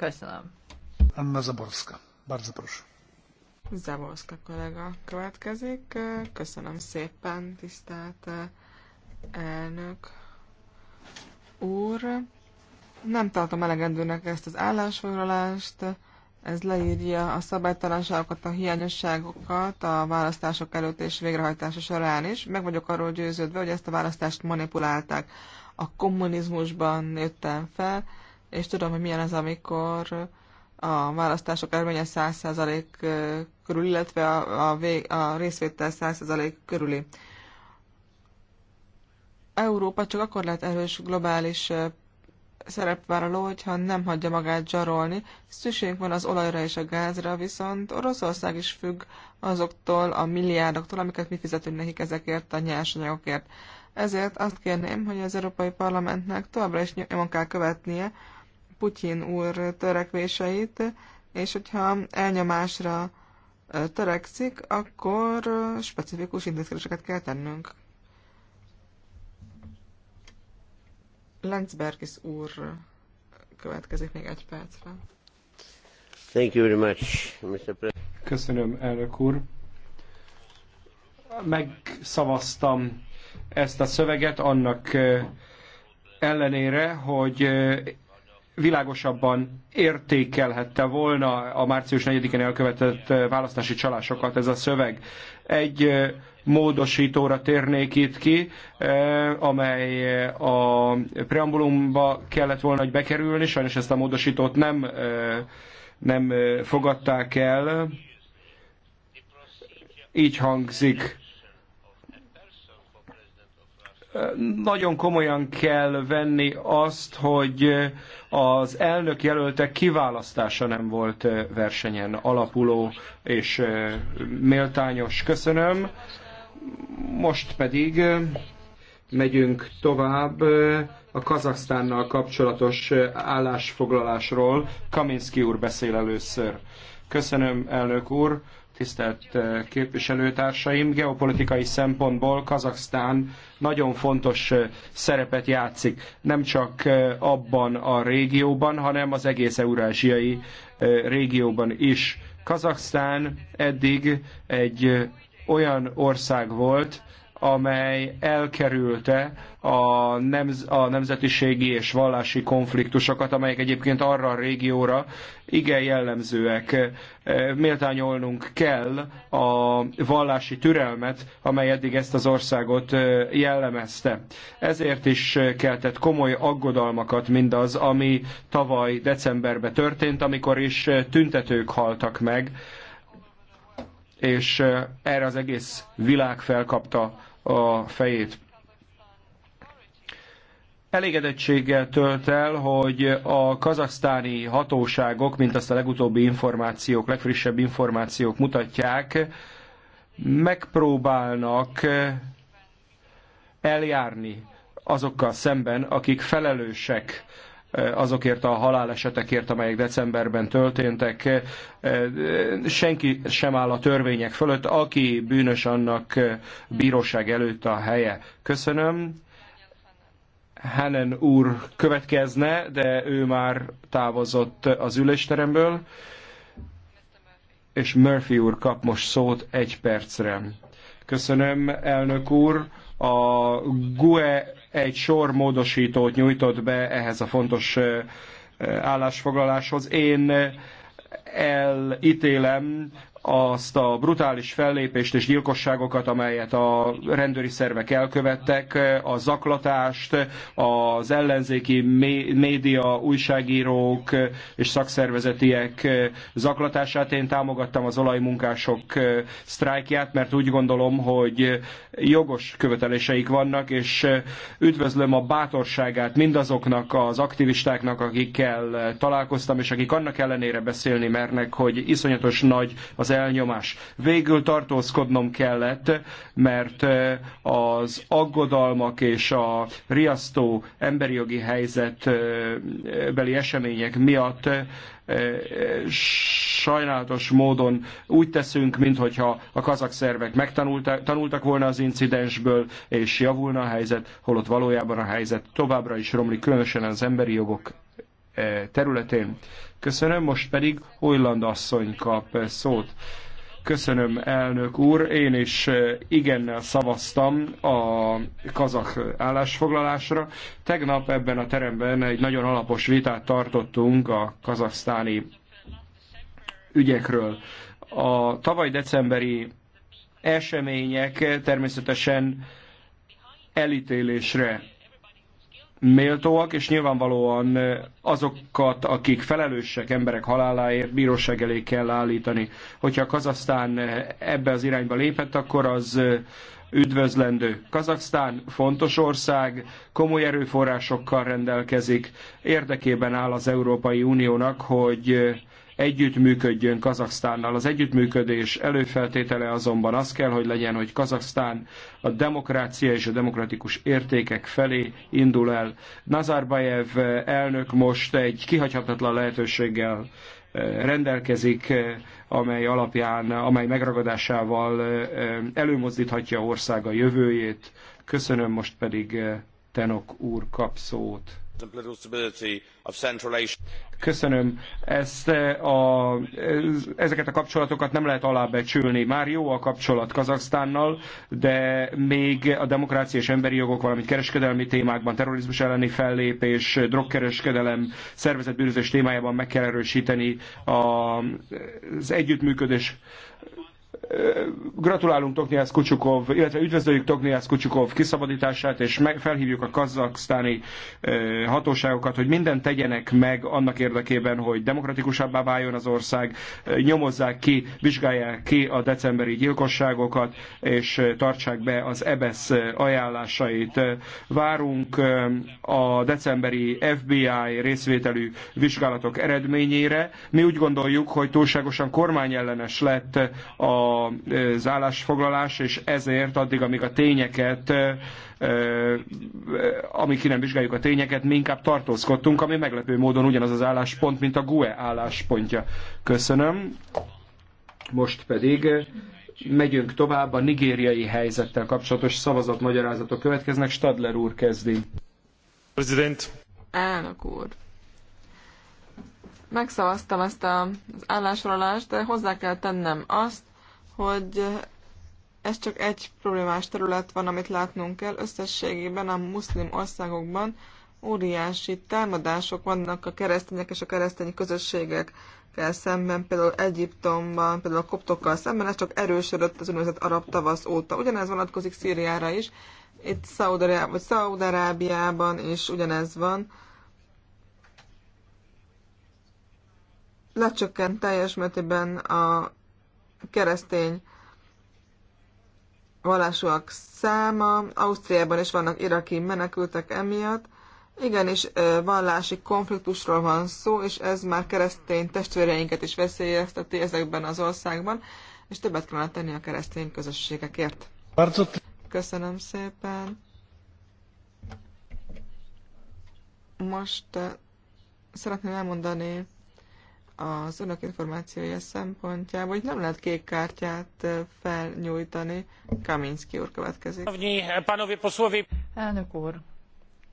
Köszönöm. Anna Zaborska. Bardzo proszę. Zaborska kollega következik. Köszönöm szépen, tisztelt eh, elnök úr. Nem tartom elegendőnek ezt az állásfoglalást. Ez leírja a szabálytalanságokat, a hiányosságokat a választások előtt és végrehajtása során is. Meg vagyok arról győződve, hogy ezt a választást manipulálták. A kommunizmusban nőttem fel, és tudom, hogy milyen az, amikor a választások eredménye 100% körül, illetve a, a, vég, a részvétel 100% körüli. Európa csak akkor lehet erős globális szerepvállaló, hogyha nem hagyja magát zsarolni. Szükségünk van az olajra és a gázra, viszont Oroszország is függ azoktól a milliárdoktól, amiket mi fizetünk nekik ezekért a nyersanyagokért. Ezért azt kérném, hogy az Európai Parlamentnek továbbra is nyomon kell követnie, Putyin úr törekvéseit, és hogyha elnyomásra törekszik, akkor specifikus intézkedéseket kell tennünk. Lenzbergis úr következik még egy percre. Thank you very much, Mr. President. Köszönöm, elnök úr. Megszavaztam ezt a szöveget annak ellenére, hogy világosabban értékelhette volna a március 4-én elkövetett eh, választási csalásokat ez a szöveg. Egy eh, módosítóra térnék itt ki, eh, amely a preambulumba kellett volna, hogy bekerülni, sajnos ezt a módosítót nem, nem fogadták el. Így hangzik nagyon komolyan kell venni azt, hogy az elnök jelöltek kiválasztása nem volt versenyen alapuló és méltányos. Köszönöm. Most pedig megyünk tovább a Kazaksztánnal kapcsolatos állásfoglalásról. Kaminski úr beszél először. Köszönöm, elnök úr tisztelt eh, képviselőtársaim, geopolitikai szempontból Kazaksztán nagyon fontos eh, szerepet játszik, nem csak eh, abban a régióban, hanem az egész eurázsiai régióban is. Kazaksztán eddig egy olyan ország volt, amely elkerülte a, nemz, a nemzetiségi és vallási konfliktusokat, amelyek egyébként arra a régióra igen jellemzőek. E, méltányolnunk kell a vallási türelmet, amely eddig ezt az országot e, jellemezte. Ezért is keltett komoly aggodalmakat mindaz, ami tavaly decemberben történt, amikor is tüntetők haltak meg, és e, erre az egész világ felkapta a fejét. Elégedettséggel tölt el, hogy a kazasztáni hatóságok, mint azt a legutóbbi információk, legfrissebb információk mutatják, megpróbálnak eljárni azokkal szemben, akik felelősek Eh, azokért a halálesetekért, amelyek decemberben történtek. Eh, eh, senki sem áll a törvények fölött, aki bűnös, annak bíróság előtt a helye. Köszönöm. Hennen úr következne, de ő már távozott az ülésteremből, és Murphy úr kap most szót egy percre. Köszönöm, elnök úr. A GUE egy sor módosítót nyújtott be ehhez a fontos állásfoglaláshoz. Én elítélem azt a brutális fellépést és gyilkosságokat, amelyet a rendőri szervek elkövettek, a zaklatást, az ellenzéki média, újságírók és szakszervezetiek zaklatását. Én támogattam az olajmunkások sztrájkját, mert úgy gondolom, hogy jogos követeléseik vannak, és üdvözlöm a bátorságát mindazoknak az aktivistáknak, akikkel találkoztam, és akik annak ellenére beszélni mernek, hogy iszonyatos nagy az az elnyomás. Végül tartózkodnom kellett, mert az aggodalmak és a riasztó emberi jogi helyzetbeli események miatt sajnálatos módon úgy teszünk, mintha a kazak szervek megtanultak volna az incidensből, és javulna a helyzet, holott valójában a helyzet továbbra is romlik, különösen az emberi jogok területén. Köszönöm, most pedig Hojland asszony kap szót. Köszönöm, elnök úr. Én is eh, igennel szavaztam a kazak állásfoglalásra. Tegnap ebben a teremben egy nagyon alapos vitát tartottunk a kazaksztáni ügyekről. A tavaly decemberi események természetesen elítélésre méltóak, és nyilvánvalóan azokat, akik felelősek emberek haláláért bíróság elé kell állítani. Hogyha Kazasztán ebbe az irányba lépett, akkor az üdvözlendő. Kazaksztán fontos ország, komoly erőforrásokkal rendelkezik, érdekében áll az Európai Uniónak, hogy együttműködjön Kazaksztánnal. Az együttműködés előfeltétele azonban az kell, hogy legyen, hogy Kazaksztán a demokrácia és a demokratikus értékek felé indul el. Nazarbayev eh, elnök most egy kihagyhatatlan lehetőséggel eh, rendelkezik, eh, amely alapján, amely megragadásával előmozdíthatja országa jövőjét. Köszönöm, most pedig Tenok úr kap szót. Köszönöm. Ezt eh, a, ezeket a kapcsolatokat nem lehet alábecsülni. Már jó a kapcsolat Kazaksztánnal, de még a demokrácia és emberi jogok, valamint kereskedelmi témákban, terrorizmus elleni fellépés, drogkereskedelem, szervezetbűnözés témájában meg kell erősíteni az együttműködés gratulálunk Tokniász Kucsukov, illetve üdvözöljük Tokniász Kucsukov kiszabadítását, és meg, felhívjuk a kazaksztáni hatóságokat, hogy mindent tegyenek meg annak érdekében, hogy demokratikusabbá váljon az ország, nyomozzák ki, vizsgálják ki a decemberi gyilkosságokat, és tartsák be az EBESZ ajánlásait. Várunk a decemberi FBI részvételű vizsgálatok eredményére. Mi úgy gondoljuk, hogy túlságosan kormányellenes lett a az állásfoglalás, és ezért addig, amíg a tényeket, amíg ki nem vizsgáljuk a tényeket, mi inkább tartózkodtunk, ami meglepő módon ugyanaz az álláspont, mint a GUE álláspontja. Köszönöm. Most pedig megyünk tovább, a nigériai helyzettel kapcsolatos szavazatmagyarázatok következnek. Stadler úr kezdi. President. Elnök úr megszavaztam ezt az állásfoglalást, de hozzá kell tennem azt, hogy ez csak egy problémás terület van, amit látnunk kell. Összességében a muszlim országokban óriási támadások vannak a keresztények és a keresztény közösségekkel szemben, például Egyiptomban, például a koptokkal szemben, ez csak erősödött az úgynevezett arab tavasz óta. Ugyanez vonatkozik Szíriára is, itt Szaudarábiában, Szaudarábiában is ugyanez van. Lecsökkent teljes mértékben a keresztény vallásúak száma, Ausztriában is vannak iraki menekültek emiatt. Igenis vallási konfliktusról van szó, és ez már keresztény testvéreinket is veszélyezteti ezekben az országban, és többet kellene tenni a keresztény közösségekért. Köszönöm szépen. Most szeretném elmondani az önök információja szempontjából, hogy nem lehet kék kártyát felnyújtani. Kaminski úr következik. Elnök úr,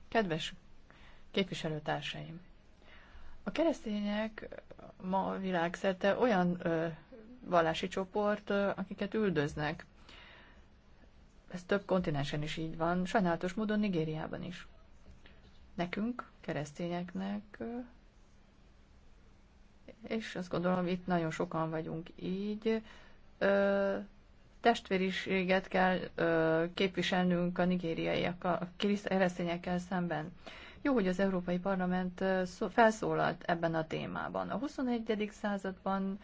kedves képviselőtársaim! A keresztények ma világszerte olyan ö, vallási csoport, ö, akiket üldöznek. Ez több kontinensen is így van, sajnálatos módon Nigériában is. Nekünk, keresztényeknek és azt gondolom, itt nagyon sokan vagyunk így. Ö, testvériséget kell ö, képviselnünk a nigériaiak, a keresztényekkel szemben. Jó, hogy az Európai Parlament felszólalt ebben a témában. A 21. században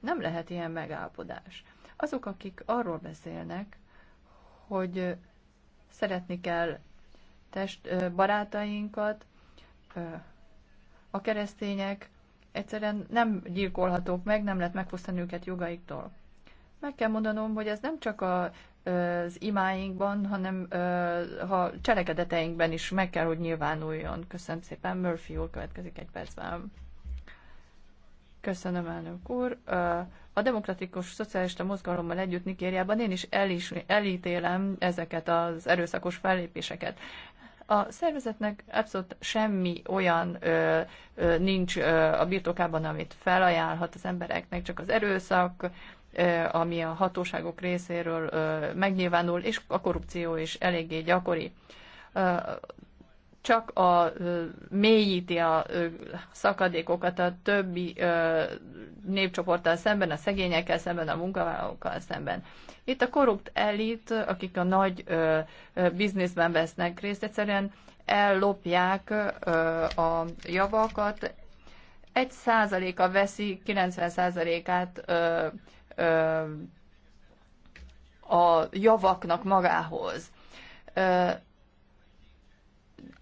nem lehet ilyen megállapodás. Azok, akik arról beszélnek, hogy szeretni kell test, barátainkat, a keresztények egyszerűen nem gyilkolhatók meg, nem lehet megfosztani őket jogaiktól. Meg kell mondanom, hogy ez nem csak a, az imáinkban, hanem ha cselekedeteinkben is meg kell, hogy nyilvánuljon. Köszönöm szépen. Murphy úr következik egy percben. Köszönöm, elnök úr. A demokratikus szocialista mozgalommal együtt Nikériában én is elítélem ezeket az erőszakos fellépéseket. A szervezetnek abszolút semmi olyan ö, ö, nincs ö, a birtokában, amit felajánlhat az embereknek, csak az erőszak, ö, ami a hatóságok részéről ö, megnyilvánul, és a korrupció is eléggé gyakori. Ö, csak a, mélyíti a szakadékokat a többi népcsoporttal szemben, a szegényekkel szemben, a munkavállalókkal szemben. Itt a korrupt elit, akik a nagy bizniszben vesznek részt, egyszerűen ellopják a javakat, egy százaléka veszi 90 százalékát a javaknak magához. Ö,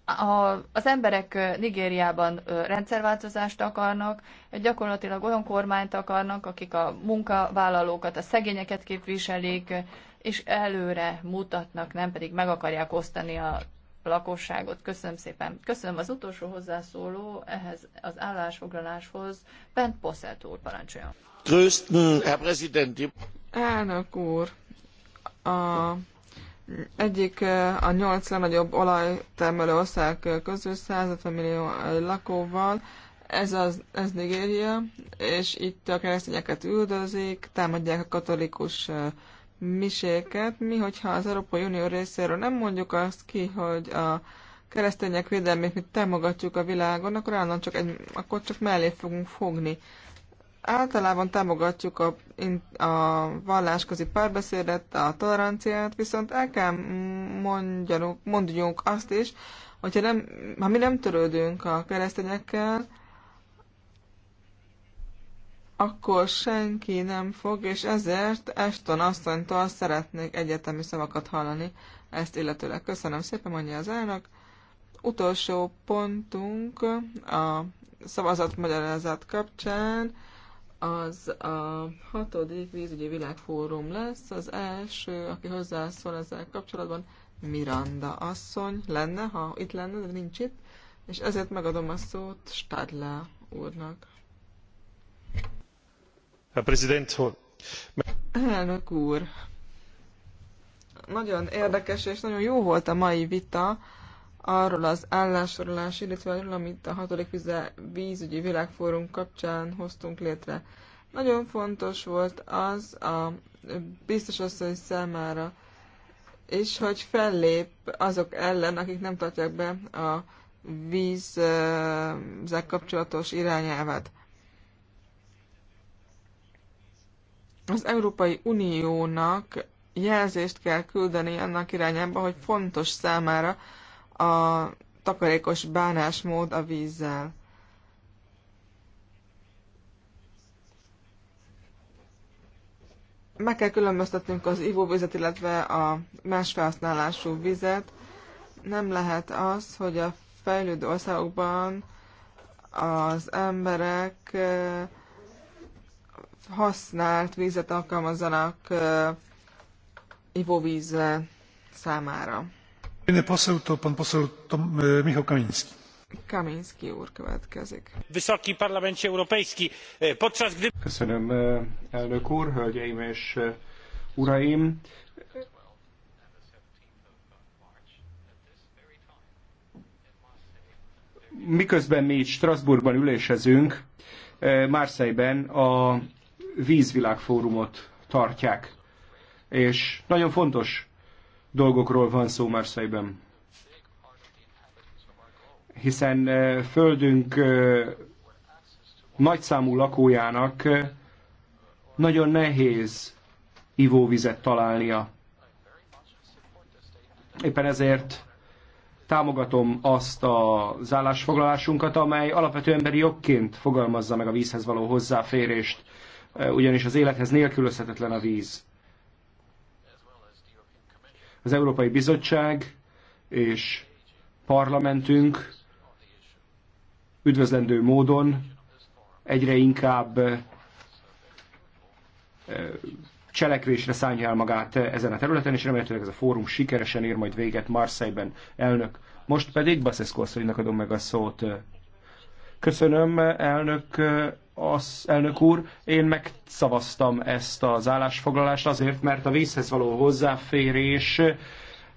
a, az emberek Nigériában rendszerváltozást akarnak, gyakorlatilag olyan kormányt akarnak, akik a munkavállalókat, a szegényeket képviselik, és előre mutatnak, nem pedig meg akarják osztani a lakosságot. Köszönöm szépen. Köszönöm az utolsó hozzászóló ehhez az állásfoglaláshoz. Bent Poszelt úr, parancsoljon. Köszönöm, Herr Elnök úr, a egyik a nyolc legnagyobb olajtermelő ország közül 150 millió lakóval, ez, az, ez Nigéria, és itt a keresztényeket üldözik, támadják a katolikus miséket. Mi, hogyha az Európai Unió részéről nem mondjuk azt ki, hogy a keresztények védelmét mi támogatjuk a világon, akkor állandóan csak, egy, akkor csak mellé fogunk fogni. Általában támogatjuk a, a vallásközi párbeszédet, a toleranciát, viszont el kell mondjanunk, mondjunk azt is, hogyha nem, ha mi nem törődünk a keresztényekkel, akkor senki nem fog, és ezért Eston asszonytól szeretnék egyetemi szavakat hallani ezt illetőleg. Köszönöm szépen, mondja az elnök. Utolsó pontunk a szavazatmagyarázat kapcsán az a hatodik vízügyi világfórum lesz. Az első, aki hozzászól ezzel kapcsolatban, Miranda asszony lenne, ha itt lenne, de nincs itt, és ezért megadom a szót Stadler úrnak. prezident, hol? Elnök úr! Nagyon érdekes és nagyon jó volt a mai vita, arról az állásorolás, illetve arról, amit a hatodik vízügyi világfórum kapcsán hoztunk létre. Nagyon fontos volt az a biztos asszony számára, és hogy fellép azok ellen, akik nem tartják be a vízzel kapcsolatos irányelvet. Az Európai Uniónak jelzést kell küldeni annak irányába, hogy fontos számára, a takarékos bánásmód a vízzel. Meg kell különböztetnünk az ivóvizet, illetve a más felhasználású vizet. Nem lehet az, hogy a fejlődő országokban az emberek használt vizet alkalmazzanak ivóvíz számára. E, Wysoki Parlamencie Europejski, e, podczas gdy... Köszönöm, e, elnök úr, hölgyeim és uraim. miközben mi itt Strasbourgban ülésezünk, Marseille-ben a vízvilágfórumot tartják. És nagyon fontos dolgokról van szó Marseille-ben. Hiszen földünk nagyszámú lakójának nagyon nehéz ivóvizet találnia. Éppen ezért támogatom azt az állásfoglalásunkat, amely alapvető emberi jogként fogalmazza meg a vízhez való hozzáférést, ugyanis az élethez nélkülözhetetlen a víz. Az Európai Bizottság és parlamentünk üdvözlendő módon egyre inkább cselekvésre szállja el magát ezen a területen, és remélhetőleg ez a fórum sikeresen ér majd véget Marseille-ben elnök. Most pedig Baszeszko asszonynak adom meg a szót Köszönöm, elnök, az, elnök úr. Én megszavaztam ezt az állásfoglalást azért, mert a vízhez való hozzáférés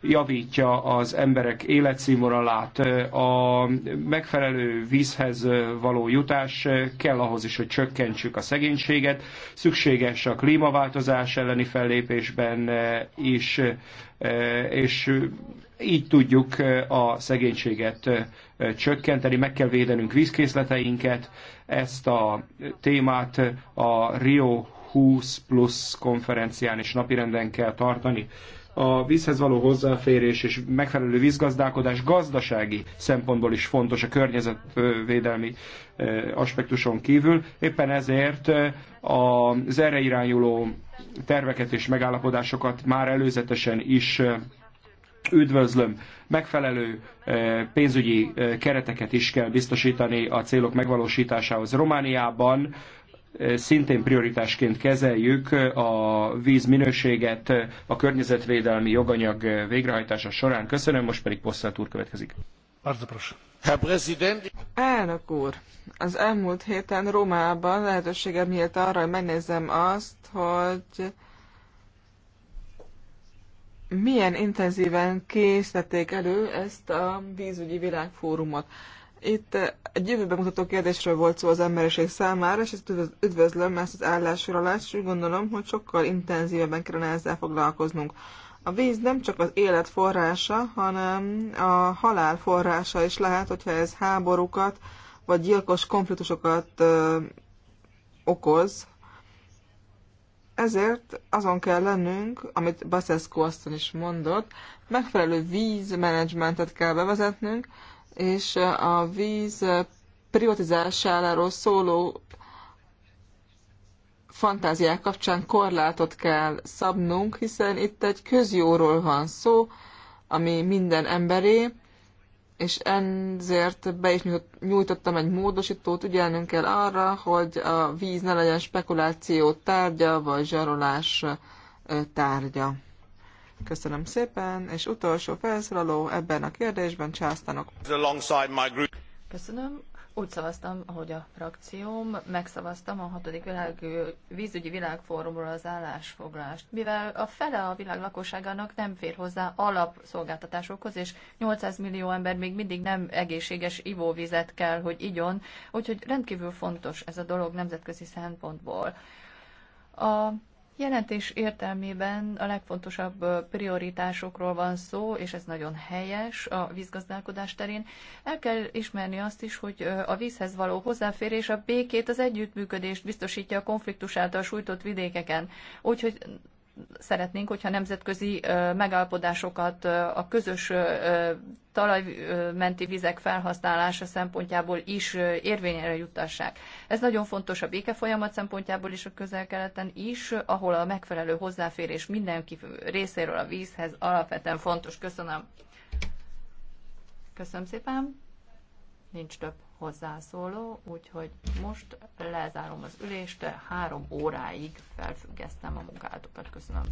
javítja az emberek életszínvonalát. A megfelelő vízhez való jutás kell ahhoz is, hogy csökkentsük a szegénységet. Szükséges a klímaváltozás elleni fellépésben is, és így tudjuk a szegénységet csökkenteni, meg kell védenünk vízkészleteinket. Ezt a témát a Rio 20 plusz konferencián is napirenden kell tartani a vízhez való hozzáférés és megfelelő vízgazdálkodás gazdasági szempontból is fontos a környezetvédelmi aspektuson kívül. Éppen ezért az erre irányuló terveket és megállapodásokat már előzetesen is üdvözlöm. Megfelelő pénzügyi kereteket is kell biztosítani a célok megvalósításához. Romániában szintén prioritásként kezeljük a víz minőséget a környezetvédelmi joganyag végrehajtása során. Köszönöm, most pedig Posszát úr következik. Elnök úr, az elmúlt héten Rómában lehetőségem nyílt arra, hogy megnézzem azt, hogy milyen intenzíven készítették elő ezt a vízügyi világfórumot. Itt eh, egy jövőben mutató kérdésről volt szó az emberiség számára, és ezt üdvözlöm ezt az állásfoglalást, és úgy gondolom, hogy sokkal intenzívebben kellene ezzel foglalkoznunk. A víz nem csak az élet forrása, hanem a halál forrása is lehet, hogyha ez háborúkat vagy gyilkos konfliktusokat ö, okoz. Ezért azon kell lennünk, amit Baszeszko aztán is mondott, megfelelő vízmenedzsmentet kell bevezetnünk, és a víz privatizálásáról szóló fantáziák kapcsán korlátot kell szabnunk, hiszen itt egy közjóról van szó, ami minden emberé, és ezért be is nyújtottam egy módosítót, ügyelnünk kell arra, hogy a víz ne legyen spekuláció tárgya, vagy zsarolás tárgya. Köszönöm szépen, és utolsó felszólaló ebben a kérdésben császtanok. Köszönöm. Úgy szavaztam, hogy a frakcióm, megszavaztam a hatodik Világ, vízügyi világfórumról az állásfoglást. mivel a fele a világ lakosságának nem fér hozzá alapszolgáltatásokhoz, és 800 millió ember még mindig nem egészséges ivóvizet kell, hogy igyon, úgyhogy rendkívül fontos ez a dolog nemzetközi szempontból. A Jelentés értelmében a legfontosabb prioritásokról van szó, és ez nagyon helyes a vízgazdálkodás terén. El kell ismerni azt is, hogy a vízhez való hozzáférés a békét, az együttműködést biztosítja a konfliktus által sújtott vidékeken. Úgyhogy szeretnénk, hogyha nemzetközi megállapodásokat a közös talajmenti vizek felhasználása szempontjából is érvényre juttassák. Ez nagyon fontos a békefolyamat szempontjából is a közel-keleten is, ahol a megfelelő hozzáférés mindenki részéről a vízhez alapvetően fontos. Köszönöm. Köszönöm szépen. Nincs több hozzászóló, úgyhogy most lezárom az ülést, három óráig felfüggesztem a munkátokat. Köszönöm.